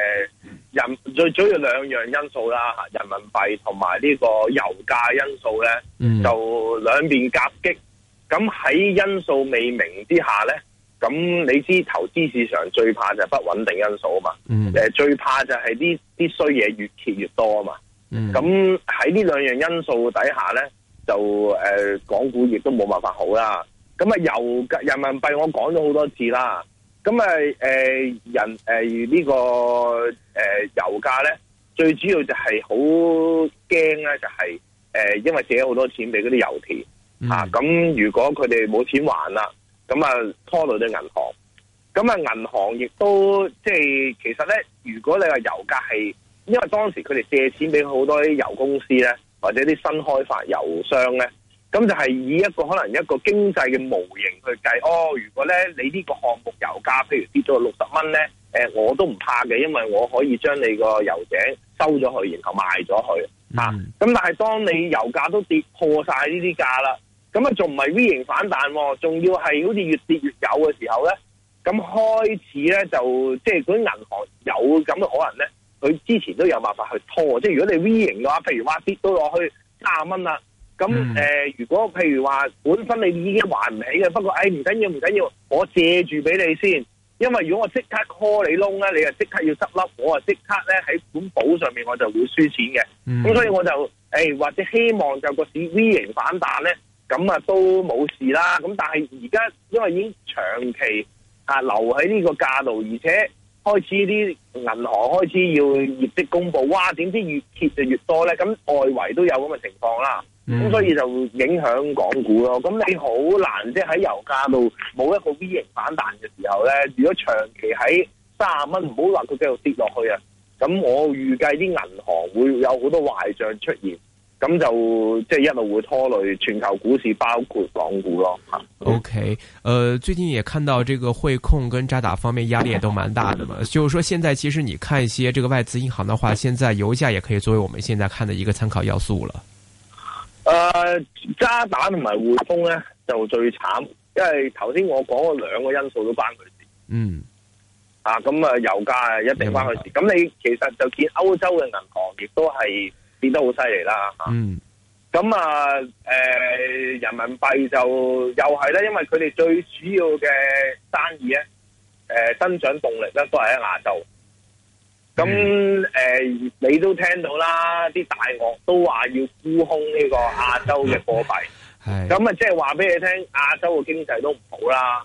誒，人最主要兩樣因素啦，人民幣同埋呢個油價因素咧、嗯，就兩面夾擊。咁喺因素未明之下咧，咁你知投資市場最怕就係不穩定因素啊嘛。誒、嗯，最怕就係啲啲衰嘢越揭越多啊嘛。咁喺呢兩樣因素底下咧，就誒、呃、港股亦都冇辦法好啦。咁啊，油價、人民幣我講咗好多次啦。咁啊，誒、呃，人誒、呢、呃，這個誒、呃、油價咧，最主要就係好驚咧，就係誒，因為借咗好多錢俾嗰啲油田、嗯、啊，咁如果佢哋冇錢還啦，咁啊拖到啲銀行，咁啊銀行亦都即係其實咧，如果你話油價係，因為當時佢哋借錢俾好多啲油公司咧，或者啲新開發油商咧。咁就係以一個可能一個經濟嘅模型去計哦。如果咧你呢個項目油價，譬如跌到六十蚊咧，誒我都唔怕嘅，因為我可以將你個油井收咗佢，然後賣咗佢、嗯、啊。咁但係當你油價都跌破晒呢啲價啦，咁啊仲唔係 V 型反彈喎、啊？仲要係好似越跌越有嘅時候咧，咁開始咧就即係嗰啲銀行有咁可能咧，佢之前都有辦法去拖。即係如果你 V 型嘅話，譬如話跌到落去卅蚊啦。咁、呃、如果譬如話，本身你已經還唔起嘅，不過誒，唔緊要，唔緊要，我借住俾你先。因為如果我即刻 call loan, 你窿咧，你啊即刻要執笠，我啊即刻咧喺本簿上面我就會輸錢嘅。咁、嗯、所以我就誒、哎，或者希望就個市 V 型反彈咧，咁啊都冇事啦。咁但係而家因為已經長期啊留喺呢個價度，而且開始啲銀行開始要業績公布，哇！點知越揭就越多咧？咁外圍都有咁嘅情況啦。咁、嗯、所以就影響港股咯。咁你好難，即係喺油價度冇一個 V 型反彈嘅時候咧。如果長期喺三十蚊，唔好話佢繼續跌落去啊。咁我預計啲銀行會有好多壞賬出現，咁就即係一路會拖累全球股市，包括港股咯。OK，誒、呃，最近也看到這個匯控跟渣打方面壓力也都蠻大嘅嘛。就是說，現在其實你看一些這個外資銀行的話，現在油價也可以作為我們現在看的一個參考要素了。誒、呃，渣打同埋匯豐咧就最慘，因為頭先我講咗兩個因素都關佢事。嗯。啊，咁啊，油價啊一定關佢事。咁、嗯、你其實就見歐洲嘅銀行亦都係變得好犀利啦。嗯。咁啊，誒、呃，人民幣就又係咧，因為佢哋最主要嘅生意咧，誒、呃，增長動力咧都係喺亞洲。咁誒、呃，你都聽到啦，啲大鱷都話要沽空呢個亞洲嘅貨幣，咁 啊，即係話俾你聽，亞洲嘅經濟都唔好啦。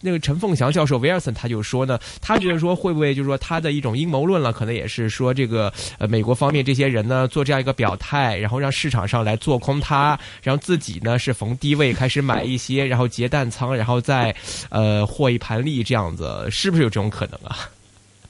那個陳鳳翔教授 Wilson，他就說呢，他覺得說會不會，就是說他的一種陰謀論了，可能也是說這個，呃，美國方面這些人呢，做這樣一個表態，然後讓市場上來做空他，然後自己呢是逢低位開始買一些，然後結淡倉，然後再，呃，獲一盤利，這樣子，是不是有這種可能啊？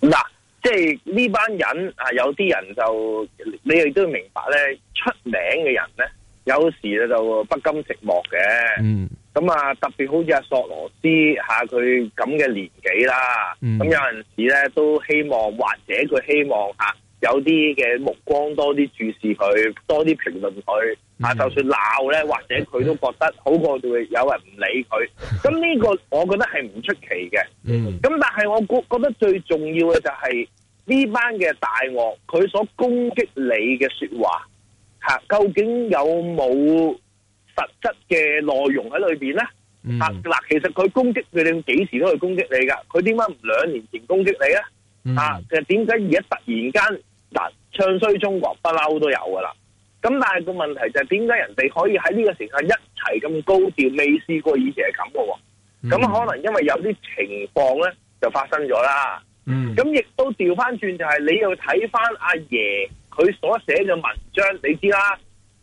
嗱，即係呢班人啊，有啲人就你亦都明白呢，出名嘅人呢，有時就不甘寂寞嘅，嗯。咁啊，特別好似阿索羅斯嚇，佢咁嘅年紀啦，咁、嗯、有陣時咧都希望，或者佢希望嚇有啲嘅目光多啲注視佢，多啲評論佢嚇、嗯，就算鬧咧，或者佢都覺得好過會有人唔理佢。咁、嗯、呢個我覺得係唔出奇嘅。嗯，咁但係我估覺得最重要嘅就係、是、呢、嗯、班嘅大鱷，佢所攻擊你嘅説話嚇，究竟有冇實質嘅內容喺裏邊咧、嗯，啊，嗱，其實佢攻擊你，幾時都去攻擊你噶，佢點解唔兩年前攻擊你咧、嗯？啊，其實點解而家突然間嗱、啊，唱衰中國不嬲都有噶啦，咁但係個問題就係點解人哋可以喺呢個時刻一齊咁高調，未試過以前係咁嘅，咁、嗯、可能因為有啲情況咧就發生咗啦，咁、嗯、亦都調翻轉就係你要睇翻阿爺佢所寫嘅文章，你知啦、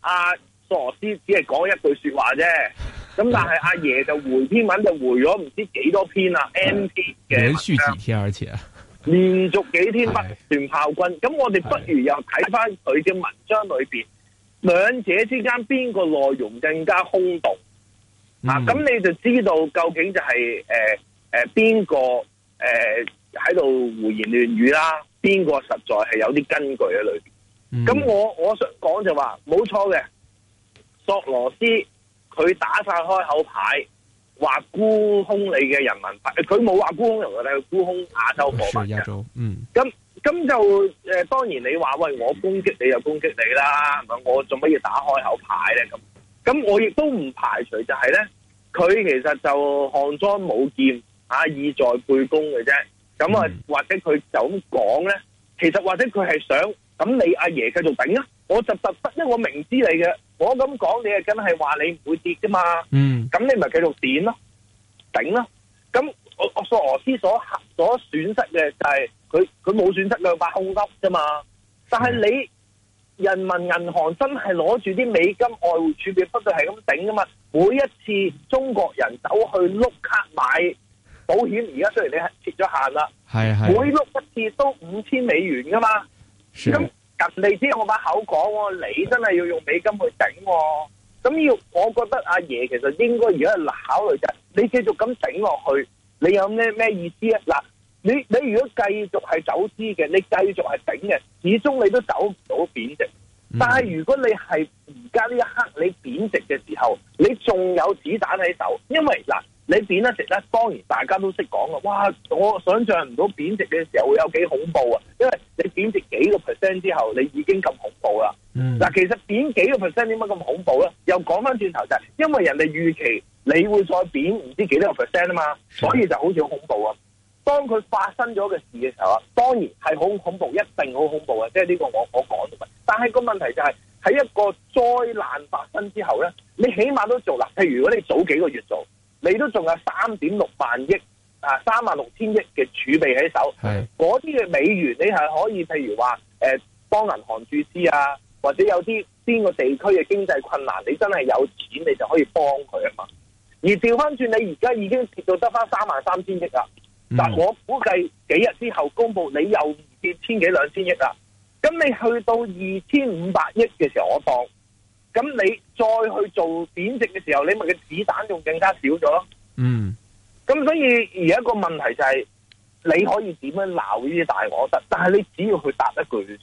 啊，阿、啊。傻師只係講一句說話啫，咁但係阿爺就回,文回篇文就回咗唔知幾多篇啦，M P 嘅連續幾天而且、哎、連續幾天不斷炮轟，咁我哋不如又睇翻佢嘅文章裏邊，兩者之間邊個內容更加空洞。嗯、啊？咁你就知道究竟就係誒誒邊個誒喺度胡言亂語啦，邊個實在係有啲根據喺裏邊。咁、嗯、我我想講就話冇錯嘅。索羅斯佢打晒開口牌，話沽空你嘅人民幣，佢冇話沽空人民幣，佢沽空亞洲貨幣嘅。 嗯，咁咁就誒、呃，當然你話喂，我攻擊你就攻擊你啦，係咪？我做乜要打開口牌咧？咁咁，我亦都唔排除就係咧，佢其實就項莊舞劍啊，意在沛公嘅啫。咁啊，或者佢咁講咧，其實或者佢係想咁，你阿爺繼續頂啊，我就特不，因為我明知你嘅。我咁講，你係梗係話你唔會跌噶嘛？嗯，咁你咪繼續點咯，頂咯。咁我我索羅斯所所損失嘅就係佢佢冇損失兩百控笠啫嘛。但係你人民銀行真係攞住啲美金外匯儲備不斷係咁頂噶嘛？每一次中國人走去碌卡買保險，而家雖然你設咗限啦，係係每碌一次都五千美元噶嘛？咁近嚟知我把口講，你真係要用美金去頂。啊，咁要我覺得阿爺其實應該如果考慮就，你繼續咁頂落去，你有咩咩意思啊？嗱，你你如果繼續係走資嘅，你繼續係頂嘅，始終你都走唔到貶值。嗯、但係如果你係而家呢一刻你貶值嘅時候，你仲有子彈喺手，因為嗱。你貶值咧，當然大家都識講啦。哇！我想像唔到貶值嘅時候會有幾恐怖啊，因為你貶值幾個 percent 之後，你已經咁恐怖啦。嗱、嗯，其實貶幾個 percent 點解咁恐怖咧？又講翻轉頭就係、是、因為人哋預期你會再貶唔知幾多個 percent 啊嘛，所以就好似好恐怖啊。當佢發生咗嘅事嘅時候啊，當然係好恐怖，一定好恐怖啊。即係呢個我我講嘅。但係個問題就係、是、喺一個災難發生之後咧，你起碼都做啦。譬如如果你早幾個月做，你都仲有三點六萬億啊，三萬六千億嘅儲備喺手，嗰啲嘅美元你係可以，譬如話誒幫銀行注資啊，或者有啲邊個地區嘅經濟困難，你真係有錢，你就可以幫佢啊嘛。而調翻轉你而家已經跌到得翻三萬三千億啦，嗱、嗯、我估計幾日之後公佈，你又跌千幾兩千億啦。咁你去到二千五百億嘅時候，我當。咁你再去做貶值嘅時候，你咪嘅子彈仲更加少咗咯。嗯。咁所以而家一個問題就係，你可以點樣鬧呢啲大我得？但係你只要去答一句，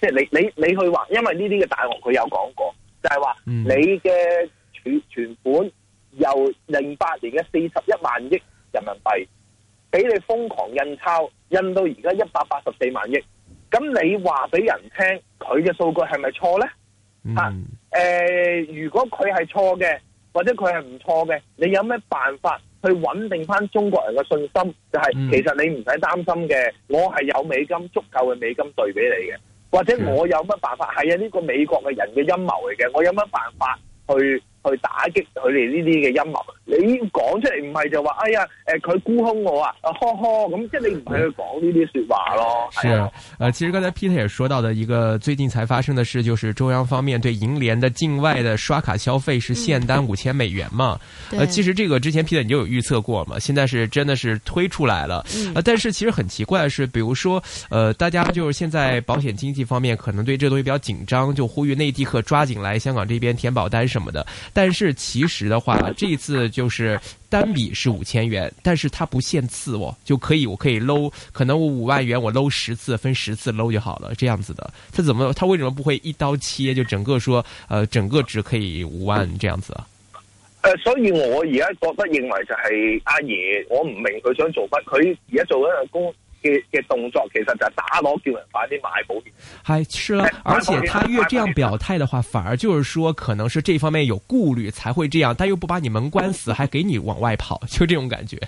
即係你你你去話，因為呢啲嘅大王佢有講過，就係話你嘅存存款由零八年嘅四十一萬億人民幣，俾你瘋狂印鈔，印到而家一百八十四萬億，咁你話俾人聽，佢嘅數據係咪錯咧？吓？誒，如果佢係錯嘅，或者佢係唔錯嘅，你有咩辦法去穩定翻中國人嘅信心？就係其實你唔使擔心嘅，我係有美金足夠嘅美金兌俾你嘅，或者我有乜辦法？係啊，呢個美國嘅人嘅陰謀嚟嘅，我有乜辦法去？去打擊佢哋呢啲嘅陰謀，你講出嚟唔係就話哎呀，誒佢沽空我啊，呵呵咁，即係你唔去講呢啲說話咯。是啊、呃，其實剛才 Peter 也說到的一個最近才發生嘅事，就是中央方面對銀聯嘅境外嘅刷卡消費是限單五千美元嘛。嗯呃、其實這個之前 Peter 你就有預測過嘛，現在是真的是推出來了。呃、但是其實很奇怪的是，比如說、呃，大家就現在保險經紀方面可能對這東西比較緊張，就呼籲內地客抓緊來香港這邊填保單什麼的。但是其實的話，這一次就是單筆是五千元，但是它不限次哦，我就可以，我可以摟，可能我五萬元我摟十次，分十次摟就好了，這樣子的。他怎麼，他為什麼不會一刀切，就整個說，呃，整個只可以五萬這樣子啊？呃，所以我而家覺得認為就係阿爺，我唔明佢想做乜，佢而家做緊嘅工，嘅嘅動作其實就係打鑼叫人快啲買保險，係是啦。而且他越這樣表態的話，反而就是說可能是這方面有顧慮才會這樣，但又不把你門關死，還給你往外跑，就這種感覺。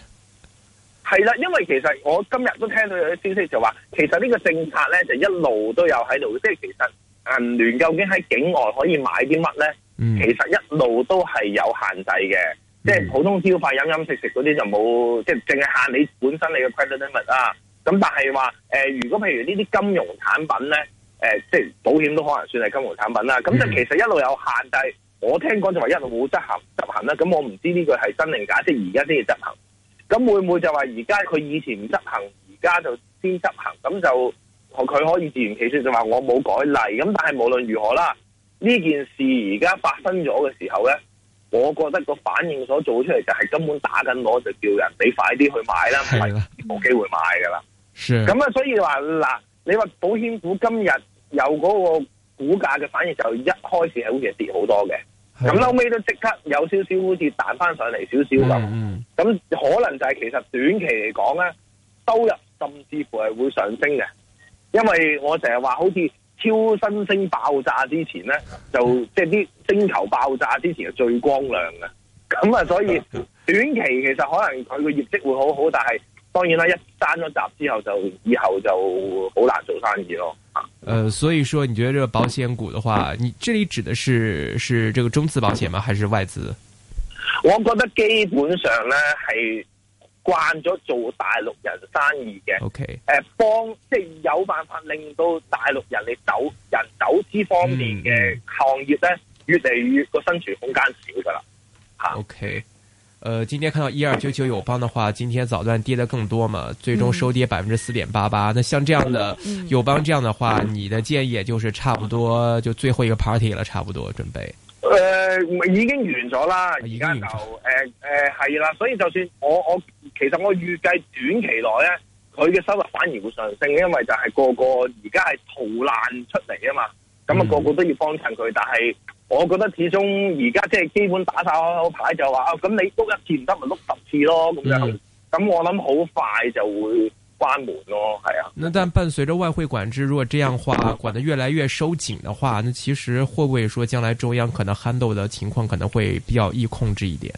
係啦，因為其實我今日都聽到有啲消息就話，其實呢個政策咧就一路都有喺度，即係其實銀聯究竟喺境外可以買啲乜咧？其實一路都係有限制嘅、嗯，即係普通消費飲飲食食嗰啲就冇、嗯，即係淨係限你本身你嘅 credit limit 啊。咁但係話誒，如、呃、果譬如呢啲金融產品咧，誒、呃，即係保險都可能算係金融產品啦。咁就其實一路有限制，但我聽講就話一路冇執行執行啦。咁我唔知呢個係真定假，即係而家先要執行。咁會唔會就話而家佢以前唔執行，而家就先執行？咁就佢可以自圓其說就話我冇改例。咁但係無論如何啦，呢件事而家發生咗嘅時候咧，我覺得個反應所做出嚟就係根本打緊我，就叫人你快啲去買啦，冇機會買噶啦。咁啊，所以話嗱，你話保險股今日有嗰個股價嘅反應就一開始係好似跌好多嘅，咁後尾都即刻有少少好似彈翻上嚟，少少咁。咁可能就係其實短期嚟講咧，收入甚至乎係會上升嘅，因為我成日話好似超新星爆炸之前咧，就即係啲星球爆炸之前係最光亮嘅。咁啊，所以短期其實可能佢嘅業績會好好，但係。當然啦，一閂咗閘之後就以後就好難做生意咯。誒、呃，所以說你覺得呢個保險股的話，你這裏指的是是這個中資保險嗎，還是外資？我覺得基本上咧係慣咗做大陸人生意嘅。OK，誒、呃，幫即係有辦法令到大陸人嚟走人走資方面嘅行業咧、嗯，越嚟越個生存空間少噶啦。吓，OK。呃，今天看到一二九九友邦的話，今天早段跌得更多嘛，最終收跌百分之四點八八。那像這樣的、嗯、友邦這樣的話，你的建議也就是差不多就最後一個 party 了，差不多準備。呃，已經完咗啦，而家就誒誒係啦，所以就算我我其實我預計短期內咧，佢嘅收入反而會，會上升，正因為就係個個而家係逃難出嚟啊嘛，咁、嗯、啊個個都要幫襯佢，但係。我覺得始終而家即係基本打晒牌就話，咁、啊、你碌一次唔得咪碌十次咯咁樣。咁、嗯、我諗好快就會關門咯，係啊。那但伴隨着外匯管制，如果這樣的話管得越來越收緊的話，那其實會唔會說將來中央可能 handle 的情況可能會比較易控制一點？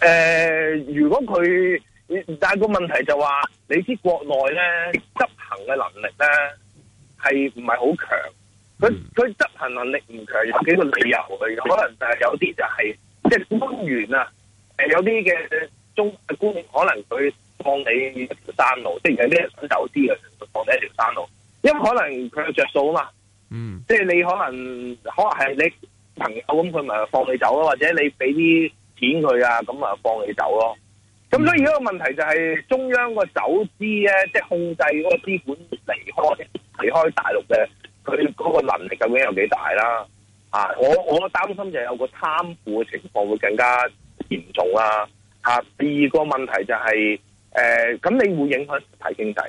誒、呃，如果佢，但係個問題就話、是，你知國內咧執行嘅能力咧係唔係好強？佢、嗯、佢執行能力唔強，有幾個理由嘅。可能有些就誒有啲就係即係官員啊，誒有啲嘅中官員可能佢放你一條山路，即係有啲想走資嘅，放你一條山路，因為可能佢有着數啊嘛。嗯，即、就、係、是、你可能可能係你朋友咁，佢咪放你走咯，或者你俾啲錢佢啊，咁啊放你走咯。咁所以而家個問題就係、是、中央個走資咧，即係控制嗰個資本離開離開大陸嘅。佢嗰個能力究竟有幾大啦？啊，我我擔心就係有個貪腐嘅情況會更加嚴重啦、啊。啊，第二個問題就係、是、誒，咁、呃、你會影響實體經濟，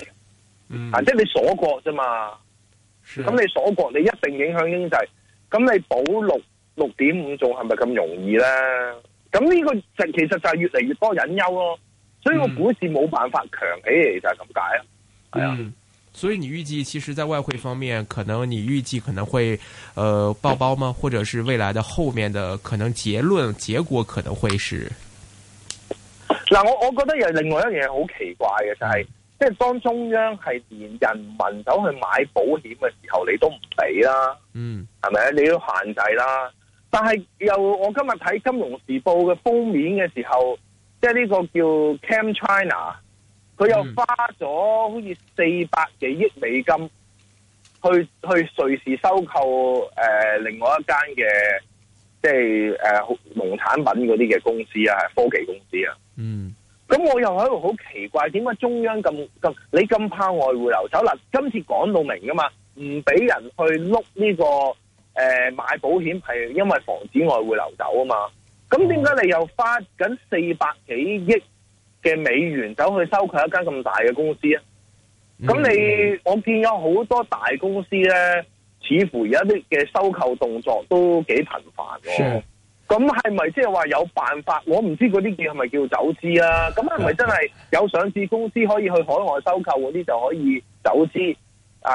嗯，即、啊、係、就是、你鎖國啫嘛，咁你鎖國你一定影響經濟，咁你保六六點五仲係咪咁容易咧？咁呢個就其實就係越嚟越多隱憂咯、啊，所以我股市冇辦法強起嚟，就係咁解啊，係啊。所以你預計，其實，在外匯方面，可能你預計可能會，呃，爆煲，煲嗎？或者是未來的後面的可能結論結果可能會是？嗱，我我覺得有另外一樣嘢好奇怪嘅就係，即係當中央係連人民走去買保險嘅時候，你都唔俾啦，嗯，係咪？你都限制啦。但係又我今日睇《金融時報》嘅封面嘅時候，即係呢個叫 Cam China。佢又花咗好似四百幾億美金去去瑞士收購誒、呃、另外一間嘅即係誒、呃、農產品嗰啲嘅公司啊，科技公司啊。嗯，咁我又喺度好奇怪，點解中央咁咁你咁怕外匯流走？嗱、呃，今次講到明㗎嘛，唔俾人去碌呢、這個誒、呃、買保險係因為防止外匯流走啊嘛。咁點解你又花緊四百幾億嘅美元走去收購一間咁大嘅公司啊！咁你我見有好多大公司咧，似乎而家啲嘅收購動作都幾頻繁喎。咁係咪即係話有辦法？我唔知嗰啲叫係咪叫走資啊？咁係咪真係有上市公司可以去海外收購嗰啲就可以走資啊？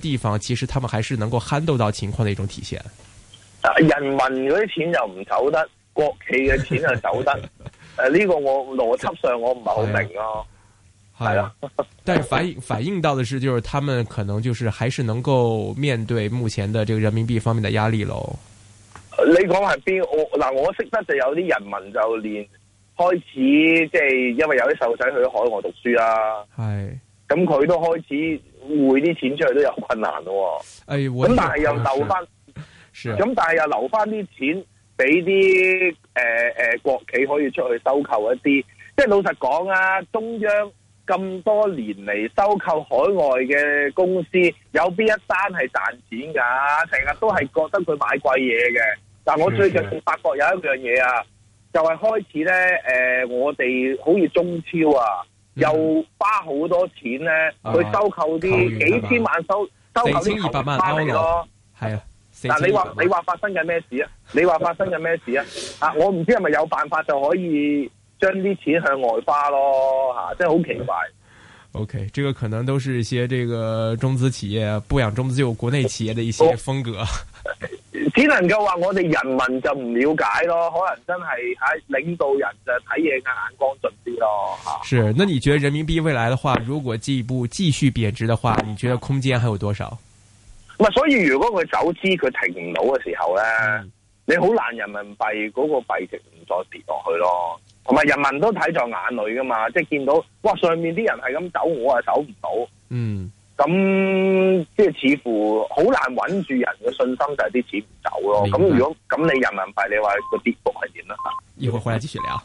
地方其實他們還是能夠 handle 到情況的一種體現。人民嗰啲錢又唔走得，國企嘅錢就走得。誒，呢個我邏輯上我唔係好明咯、啊。係 啦， 但係反反映到的是，就是他們可能就是還是能夠面對目前的這個人民幣方面的壓力咯。你講係邊？我嗱，我識得就有啲人民就連開始即係因為有啲細路仔去海外讀書啊。係。 咁佢都開始匯啲錢出去都有困難咯、哦、咁、哎、但係又留翻，咁但係又留翻啲錢俾啲、呃呃、國企可以出去收購一啲。即係老實講啊，中央咁多年嚟收購海外嘅公司，有邊一單係賺錢㗎？成日都係覺得佢買貴嘢嘅。但我最近發覺有一樣嘢啊，就係、是、開始咧、呃、我哋好似中超啊。又花好多錢咧、啊，去收購啲幾千萬收、啊、收購啲合資花啊。你話你話發生緊咩事啊？你話發生緊咩事，啊，的事啊，啊？啊，我唔知係咪有辦法就可以將啲錢向外花咯、啊、真係好奇怪。OK，這個可能都是一些這個中資企業不養中資有國內企業的一些風格。只能夠話我哋人民就唔了解咯，可能真係喺領導人就睇嘢嘅眼光準啲咯吓。是，那你覺得人民幣未來的話，如果進一步繼續貶值的話，你覺得空間還有多少？唔，所以如果佢走資佢停唔到嘅時候呢、嗯，你好難人民幣嗰，那個幣值唔再跌落去咯。同埋人民都睇在眼裏噶嘛，即係見到哇上面啲人係咁走，我啊走唔到。嗯。咁即係似乎好難穩住人嘅信心，就係啲錢唔走咯。咁如果咁，你人民幣你話個跌幅係點啊？吓，一陣返嚟繼續傾。